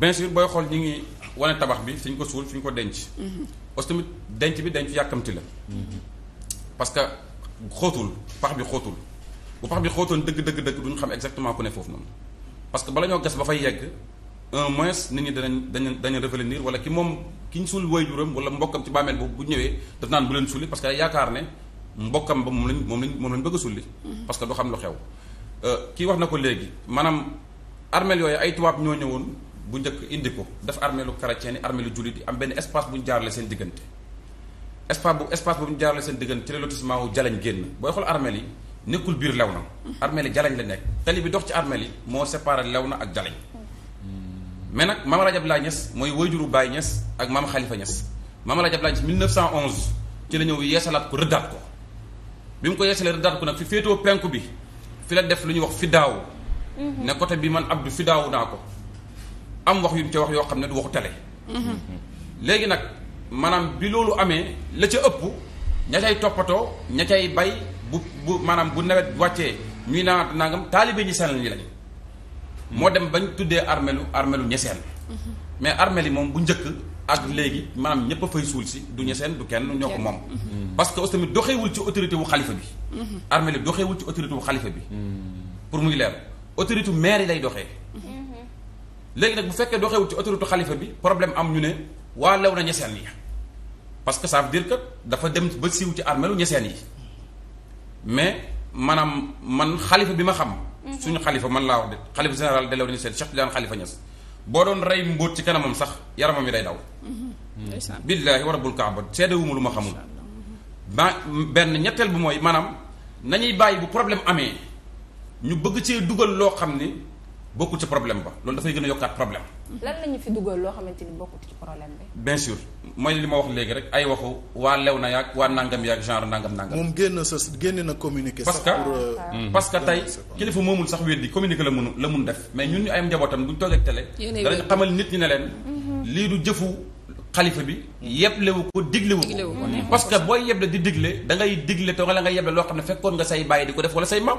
bien sûr booy xool ñi ngi wane tabax bi fi ñu ko suul fi ñu ko denc. Mhm. aussi tamit denc bi denc yàkkamti la. Mhm. parce que xóotul pax bi xóotul bu pax bi xóotoon dëgg dëgg dëgg duñu xam exactement ku ne foofu noonu parce que bala ñoo gas ba fay yegg un moins nit ñi danañ dañu dañu revenir wala ki moom ki ñu suul waajuram wala mbokkam ci bàmmeel boobu bu ñëwee daf naan bu leen suuli parce que yaakaar ne mbokkam ba moom lañ moom lañ moom lañ bëgg a sulli mhm. parce que du xam lu xew euh, kii wax na ko léegi maanaam armeel yooyu ay tubaab ñoo ñëwoon bu njëkk indi ko def armeelu chrétien yi armeelu jullit yi am benn espace bu ñu jaarale seen diggante espace bu espace bu ñu jaarale seen diggante ci lotissement wu jalañ génn booy xool armeel yi nekkul biir lew na armeel yi jalañ la nekk tali bi dox ci armeel yi moo séparé lew na ak jalañ mais nag maam Rajab Laay Ñas mooy wayjuru Baay Ñas ak maam Xalifa Ñas maam Rajab Laay Ñas 1911 ci la ñëw yeesalaat ko rëddaat ko bi mu ko yeesalee rëddaat ko nag fi féetoo penku bi fi la def lu ñuy wax fidaaw mhm. ne côté bi man Abdou fidaawu naa ko am wax yu mu ca wax yoo xam ne du waxu télé. léegi nag maanaam bi loolu amee la ca ëpp ña cay toppatoo ña cay bay bu bu maanaam bu nawet wàccee ñuy naanaat nangam taalibe ñi seen ñi moo dem bañ tuddee armelu armelu ñeseen mais armel yi moom bu njëkk ak léegi maanaam ñëpp a fay suul si du ñeseen du kenn ñoo ko moom mhm. parce que aussi tamit doxewul ci autorité wu xalifa bi mhm. armel yi doxewul ci autorité wu xalifa bi mhm. pour muy leer autorité maire yi lay doxee léegi nag bu fekkee doxewul ci autorité xalifa bi problème am ñu ne waa lew na ñeseen yi parce que ça veut dire dafa dem ba siiw ci armelu ñeseen yi mais maanaam man xalifa bi ma xam mhm. suñu xalifa man laa wax de xalifa général de lew na ñeseen Cheikh Tidiane xalifa Niass boo doon rey mbóot ci kanamam sax yaramam yi day daw mhm. billaahi wa rabbul kaaba seedewuma lu ma xamul mhm. ba benn ñetteel bi mooy maanaam nañuy bàyyi bu problème amee ñu bëgg cee dugal loo xam ni bokkul ci problème ba loolu dafay gën a yokkaat problème. loo xamante ni bokkul ci problème bi. bien sûr mooy li ma wax léegi rek ay waxu waa lew na yaag waa nangam yaag genre nangam nangam. moom génn sa génn na communiqué. sax pour euh, ah. hmm. parce que parce que tey kilifa moomul sax weddi communiqué la mun la mun def mais ñun ñu ay njabootam bu ñu toogee télé. ñi ne leen. Mhm. lii du jëfu xalifa bi. yeblewu ko diglewu ko. Hmm. parce que booy yeble di digle da ngay digle te wala nga yeble loo xam ne fekkoon nga say bàyyi di ko def wala say maam.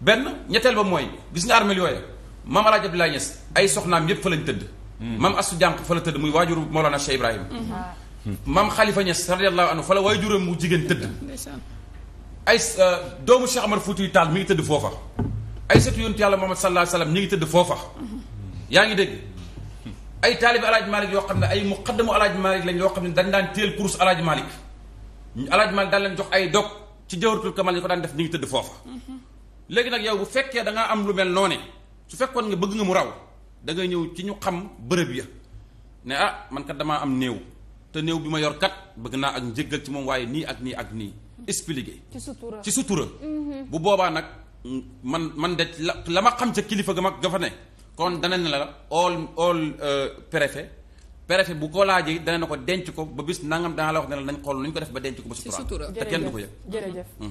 benn ñetteel ba mooy gis nga armeel yooya maam El Hadj Abdoulaye Niass ay soxnaam yépp fa lañ tëdd. Hmm. maam Astou Diankha fa la tëdd muy waajuru Mawlana Cheikh Ibrahima. Hmm. Hmm. maam Khalifa Niass radiyallahu anhu fa la waajuram mu jigéen tëdd. ay euh, doomu Cheikh Amar Foutiyu Taal mi ngi tëdd foofa. ay sëtu yoon yàlla Muhammad sallallahu alayhi wa sallam ñi ngi tëdd foofa. yaa ngi dégg ay taalibi El Hadj Malick yoo xam ne ay muqaddamu El Hadj Malick lañ yoo xam ne dañ daan teel kurus El Hadj Malick. El Hadj Malick daan leen jox ay dog ci Jawharatul Kamal ñu ko daan def ñi ngi tëdd foofa. léegi nag yow bu fekkee dangaa am lu mel noone su fekkoon nga bëgg nga mu raw da nga ñëw ci ñu xam bërëb ya ne ah man kat damaa am néew te néew bi ma yor kat bëgg naa ak njëggal ci moom waaye nii ak nii ak nii expliquer ci sutura ci sutura mhm. bu boobaa nag man man de la la ma xam ca kilifa ga mag ga fa ne kon dana ne la all all euh, préfet préfet bu ko laajee dana na ko denc ko ba bis nangam dana la wax ne nañ xool nu ñu ko def ba denc ko ba sutura te kenn du ko yëg